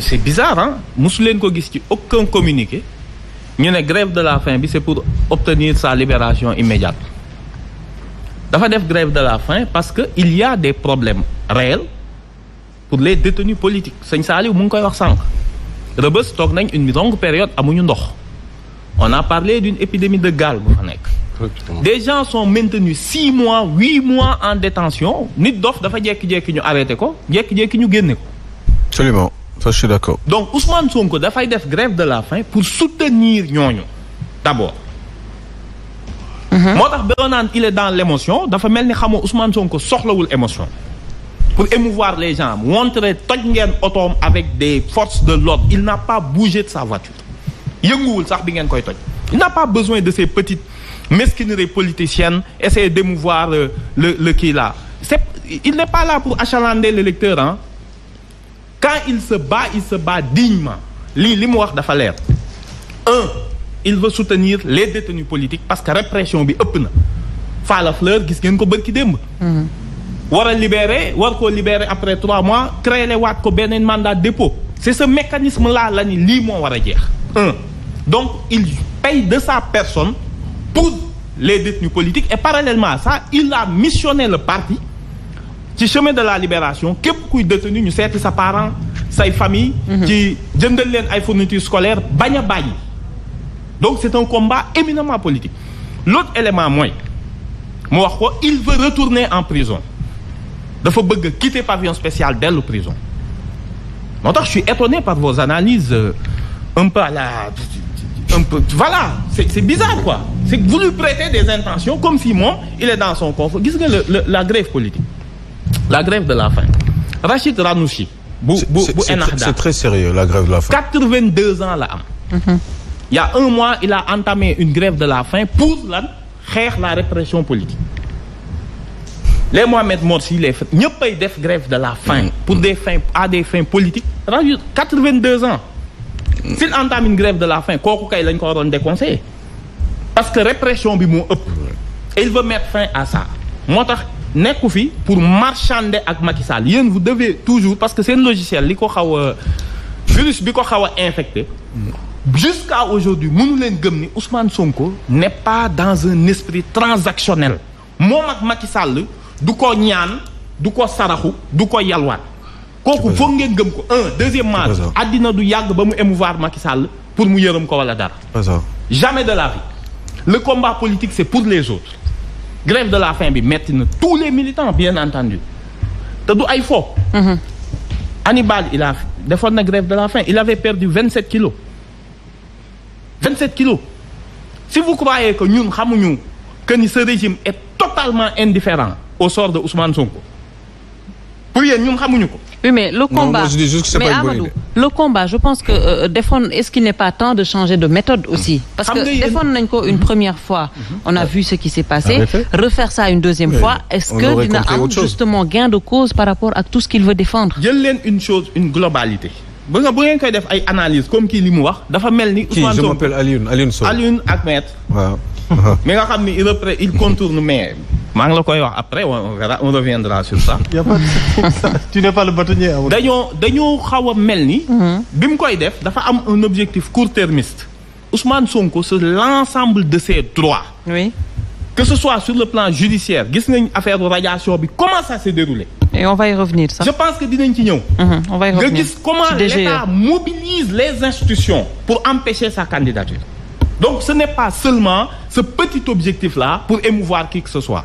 c'est bizarre hein mosu Kogisti, ko communiqué. ci aucun communiqué ñu grève de la faim c'est pour obtenir sa libération immédiate dafa def grève de la faim parce que il y a des problèmes réels pour les détenus politiques C'est Saliou mu ngi koy wax sànq Rebeuss toog nañ une longue période à ndox on a parlé d'une épidémie de gale des gens sont maintenus six mois huit mois en détention nit dof dafa jekki nous ñu arrêté ko jekki-jekki ñu ko absolument ça, je suis d'accord. Donc, Ousmane Sonko fait def grève de la faim pour soutenir ñooñu d'abord. Mhm. Moi, je il est dans l'émotion dafa Ousmane Sonko soxlawul émotion. pour émouvoir les gens montrer toj ngeen avec des forces de l'ordre il n'a pas bougé de sa voiture. il n'a pas besoin de ces petites mesquineries politiciennes essayer d'émouvoir euh, le le qui là il n'est pas là pour achalander l'électeur hein quand il se bat il se bat dignement li un il veut soutenir les détenus politiques parce que la répression bi ëpp na Falla Fleur gis ngeen ko mm-hmm. war libérer war ko libérer après trois mois créer wat ko beneen mandat dépôt c'est ce mécanisme là la ni lii donc il paye de sa personne pour les détenus politiques et parallèlement à ça il a missionné le parti chemin de la libération képp kuy détenu ñu seeti sa parent sa famille qui mhm. jëndal leen ay fourniture scolaire bañ donc c'est un combat éminemment politique l'autre élément moi moi wax il veut retourner en prison dafa bëgg quitter pavillon spécial la prison moo je suis étonné par vos analyses euh, un peu à la un peu voilà c'est bizarre quoi c'est que vous lui prêtez des intentions comme si moi il est dans son coffre quest nga que la grève politique la grève de la faim. Rachid Ranouchi. C'est très sérieux la grève de la faim. 82 ans là, mhm. il y a un mois il a entamé une grève de la faim pour faire la répression politique. les Mohamed Morsi les ñëpp pas de grève de la faim. Mm. pour des fins à des fins politiques. 82 ans. s'il entame une grève de la faim il a encore ko des conseils? parce que répression il veut mettre fin à ça pour marchander avec Macky Sall vous devez toujours parce que c'est un logiciel Le virus est infecté jusqu'à aujourd'hui Ousmane Sonko n'est pas dans un esprit transactionnel Moi ak Macky Sall du ko ñaan du ko saraxu du ko yalwaat ngeen gëm ko un deuxièmement adina du Yag, ba mu émouvoir Macky Sall pour mu yeureum ko wala dar jamais de la vie le combat politique c'est pour les autres grève de la faim bi tous les militants bien entendu te du mhm. Hannibal il a la grève de la faim il avait perdu 27 kilos 27 kilos si vous croyez que que ce régime est totalement indifférent au sort de Ousmane Sonko pour nous. Oui, mais le combat. je dis juste que mais pas Amadou, le combat, je pense que euh, euh défendre, est-ce qu'il n'est pas temps de changer de méthode aussi mmh. Parce que défendre une, une mmh. première fois, mmh. on a vu ce qui s'est passé. Refaire ça une deuxième fois, est-ce que Dina a justement gain de cause par rapport à tout ce qu'il veut défendre Il a une chose, une globalité. Bon, nga bu ngeen koy def ay analyse comme qui li mu wax dafa Ousmane je m'appelle Alioune Alioune Sol. Alioune Ahmed. mais nga xam il il il contourne mais après on reviendra sur ça. tu n'es pas le bâtonnier. Hein. dañoo dañoo xaw a mel ni. Mhm. un objectif court-termiste. Ousmane Sonko c'est l'ensemble de ses droits. oui. que ce soit sur le plan judiciaire gis nañ affaire radiation bi comment ça s'est déroulé. et on va y revenir ça. je pense que dinañ ci mhm, on va y revenir comment e. l'État mobilise les institutions pour empêcher sa candidature. donc ce n'est pas seulement ce petit objectif là pour émouvoir qui que ce soit.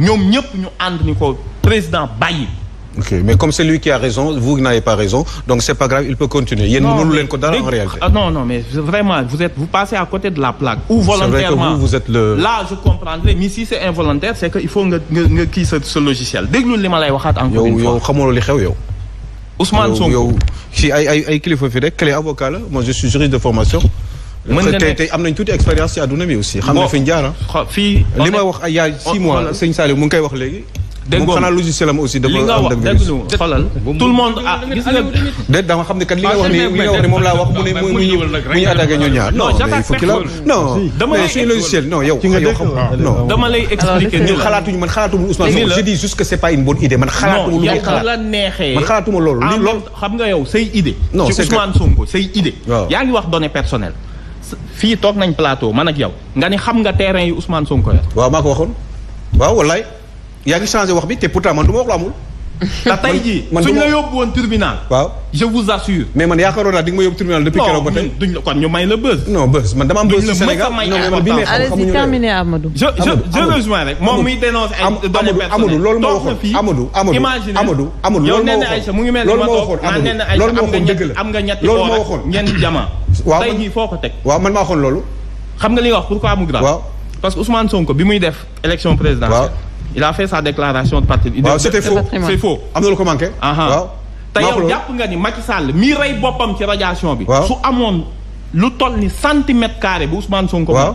Nous sommes ñu ànd ni ko président bàyyi. ok mais comme c'est lui qui a raison vous n'avez pas raison donc c'est pas grave il peut continuer yéen mënulu leen ko dara en réalité. Ah, non non mais vraiment vous êtes vous passez à côté de la plaque. ou volontairement c'est vrai que vous vous êtes le. là je comprendrai mais si c'est involontaire c'est que il faut nga nga nga ce logiciel Dès que nous lay waxaat. encore une fois yow yow li xew yow. Ousmane Sonko yow si ay ay ay fi rek clé avocat là moi je suis juriste de formation man nga tey tey am nañ tuuti expérience ci àdduna bi aussi. xam nga fi ñu jaar ah. fii li ma wax ay ah, yaay 6 mois sëñ Saliou mu ngi koy wax léegi. dégg nga xanaa logiciel am aussi dafa am dem nga xoolal tout le monde ah gis nga. déet dama xam ne kat li nga wax ni li nga wax ni moom laa wax mu ne mu ñu mu ñu attaqué ñun ñaar non mais fukki la non mais suñu logiciel non yow yow xam ah, non dama lay expliquer ñun xalaatuñu man xalaatuma Ousmane Sonko je dis juste que c'est pas une bonne idée man xalaatuma lu muy xalaat la neexee man xalaatuma loolu xam nga yow say idée non ci Ousmane Sonko say idée yaa ngi wax données personnelles fii toog nañ plateau man ak yow nga ni xam nga terrain yi Ousmane Sonko yor. waaw maa ko waxoon waaw wallaay yaa ngi changé wax bi te pourtant man du ma wax lu amul. te tey jii suñ la yóbbu woon tribunal. ma yóbbu tribunal depuis keroog dama am buzz ci Sénégal non man bii loolu ma waxoon Amadou Amadou Amadou Amadou loolu ma waxoon. yow nee na Aïcha mu ngi mel ni ma toog naan ah, nee na Aïcha am nga ñetti am nga ñetti boor ak ngeen jamaa waaw tey jii foo ko teg. waaw man maa xool loolu. xam nga li nga wax pourquoi mu grave. waaw parce que Ousmane Sonko bi muy def élection présidentielle. waaw il a fait sa déclaration de parti. waaw c'était faux c'est faux. am na lu ko manqué. waaw te nga ni Macky Sall mii rey boppam ci radiation bi. su amoon lu toll ni centimètre carré bu Ousmane Sonko. waaw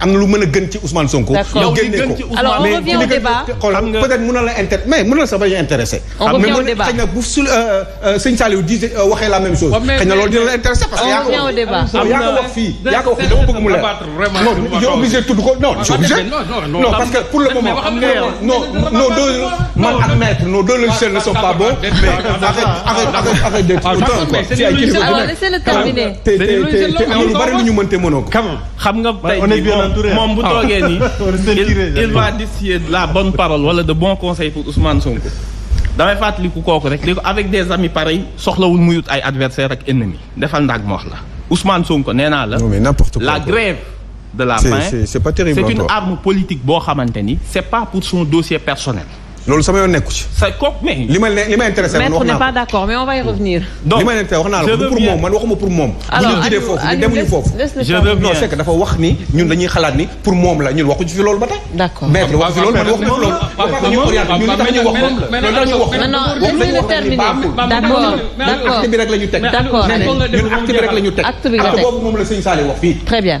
am lu meuna gën ci Ousmane Sonko. ñu gën ci Ousmane alors on revient au débat xam peut-être mënal la inter mais mënal sa bañ a intéressé. on ah, revient au débat xam nga euh Seigne euh, sëñ Saliou di euh, waxé la même chose. xëy lool loolu dina la intéressé parce que ya ko wax ah, yaa ko wax fi ya ko wax dama bëgg mu leer. non j'ai obligé tout ko non j'ai obligé. non parce que pour le moment non non deux man ak maître non deux logiciels ne sont pas bons. mais arrête arrête arrête arrête d'être ah, auteur quoi. alors laissez-le terminer. te te te am na lu bari lu ñu mënte mënoo ko. xam nga tay moom bu toogee nii il va distiller la bonne parole wala de bons conseils pour Ousmane Sonko damay fàttaliku fêtes, rek avec des amis pareils soxlawul muyut ay adversaires ak ennemis defal ndaag ma wax la Ousmane Sonko nee naa la la grève de la faim c'est pas terrible c'est hein, une arme politique boo xamante c'est pas pour son dossier personnel nekku mais. n'est pas d'accord mais on va y revenir. pour d'accord d'accord d'accord d'accord très bien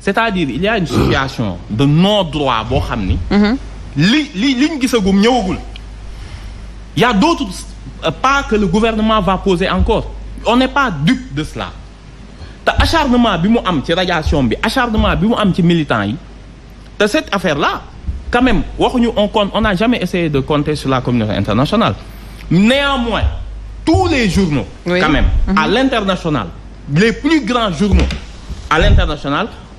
c'est-à-dire il y a une situation de non droit à Bohamni. il li se y a d'autres pas que le gouvernement va poser encore on n'est pas dupe de cela L'acharnement acharnement bi radiation acharnement militants cette affaire là quand même on on n'a jamais essayé de compter sur la communauté internationale néanmoins tous les journaux quand même mhm. à l'international les plus grands journaux à l'international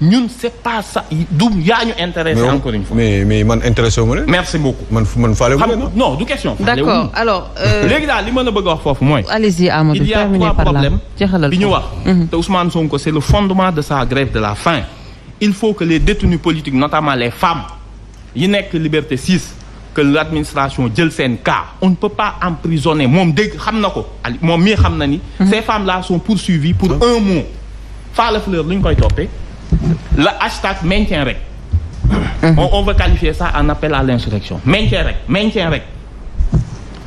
ñun c' est pas ça y a ñu intéressé encore une fois. mais mais man intéressé wu merci beaucoup man man non du question. d'accord accord alors. Euh, léegi daal li ma la bëgg a wax foofu mooy. allez-y Amadou terminez par là il y a trois problèmes bi wax. Mhm. te Ousmane Sonko c' le fondement de sa grève de la faim. il faut que les détenus politiques notamment les femmes yi que Liberté 6 que l'administration administration jël cas. on ne peut pas emprisonner moom dégg xam ko moom ni. Mhm. ces femmes là sont poursuivies pour ah. un mot. la Fleur lu ñu koy toppee le hashtag maintien rek. Mhm. on veut qualifier ça en appel à l'insurrection maintien rek maintien rek.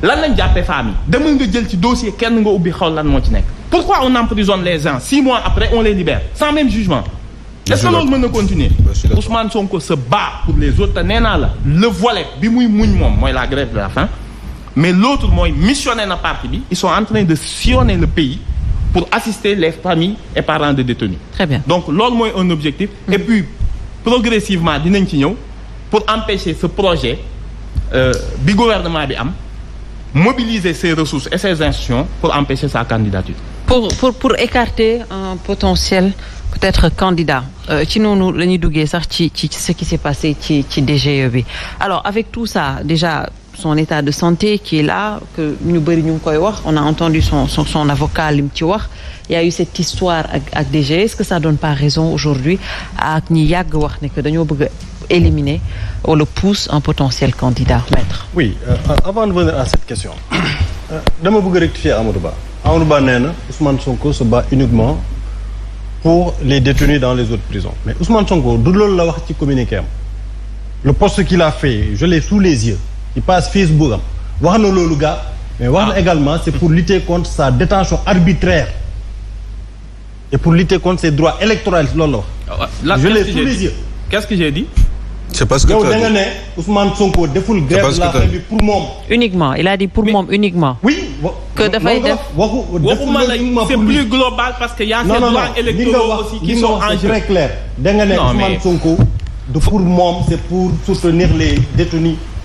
lan lañ jàppee femmes de dossier kenn nga ubbi xool lan pourquoi on emprisonne les gens six mois après on les libère sans même jugement. est-ce que l'on peut continuer Ousmane Sonko se bat pour les autres le volet bi mouy la grève de la faim mais l'autre mooy missionnaire na parti bi ils sont en train de sillonner le pays pour assister les familles et parents de détenus. Très bien. Donc, loolu est un objectif. Mm. Et puis, progressivement, pour empêcher ce projet euh, gouvernement de mobiliser ses ressources et ses institutions pour empêcher sa candidature. Pour, pour, pour écarter un potentiel peut-être candidat euh, ci ce qui s'est passé ci ci e alors avec tout ça déjà son état de santé qui est là que nous on a entendu son son avocat il y a eu cette histoire avec DG est-ce que ça donne pas raison aujourd'hui à ñi que éliminer ou le pousse un potentiel candidat maître. oui euh, avant de venir à cette question je euh, bëgg rectifier Amourba Ba Amadou Ousmane Sonko se bat uniquement pour les détenus dans les autres prisons mais Ousmane Sonko la le poste qu'il a fait je l'ai sous les yeux il passe Facebook mais wax ah. également c'est pour lutter contre sa détention arbitraire et pour lutter contre ses droits électoraux ah, je l'ai sous les yeux qu'est-ce que j'ai dit c'est parce que tu as dit. Ousmane Sonko grève la fin pour uniquement il a dit pour moi, uniquement oui c'est plus global parce qu'il y a ces droits électoraux aussi qui sont en jeu très clair Ousmane pour c'est pour soutenir les détenus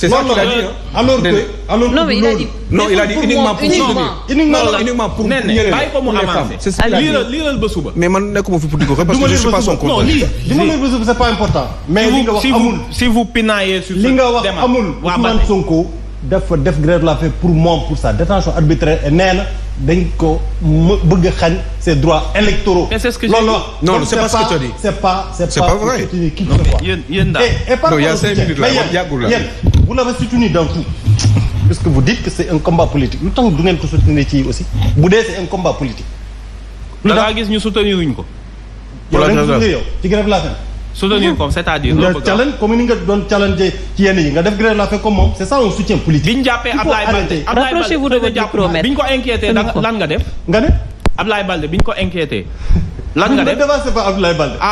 C'est non, je ne pas je pas son compte. Non, pas important. Mais si vous, si vous pinaillez sur ce Lingawa de Sonko, def l'a fait pour moi, pour ça détention arbitraire et dañ ko bëgg ses droits électoraux. mais c'est ce que je dis non non c'est pas ce que tu as dit. c'est pas c'est pas vrai non mais yéen yéen daal non y a cinq minutes là la yéen vous l'avez soutenu dans tout. puisque vous dites que c'est un combat politique Nous tax du ngeen ko soutenir ci aussi bu dee c'est un combat politique. Nous tax da ngaa gis ñu soutenir wuñ ko. yow ci grève la fin. soutenir comme c'est-à-dire. nga challenge comme ni nga doon challenger ci yenn nga def grève la faim comme moom c'est ça un soutien politique. bi ñu jàppee Ablaye Balde rapprochez-vous bi ñu ko inquiété lan nga def. nga ne Ablaye Balde bi ñu ko inquiété.